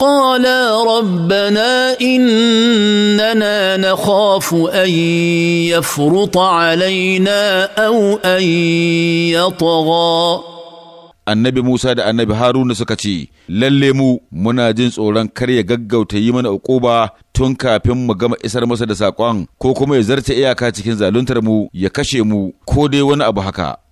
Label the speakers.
Speaker 1: قالا ربنا إننا نخاف أن
Speaker 2: يفرط علينا أو أن يطغى annabi Musa da annabi Haruna suka ce, Lalle mu muna jin tsoron kar ya gaggauta yi mana uquba tun kafin mu gama isar masa da saƙon ko kuma ya zarce iyaka cikin zaluntar mu ya kashe mu ko dai wani abu haka.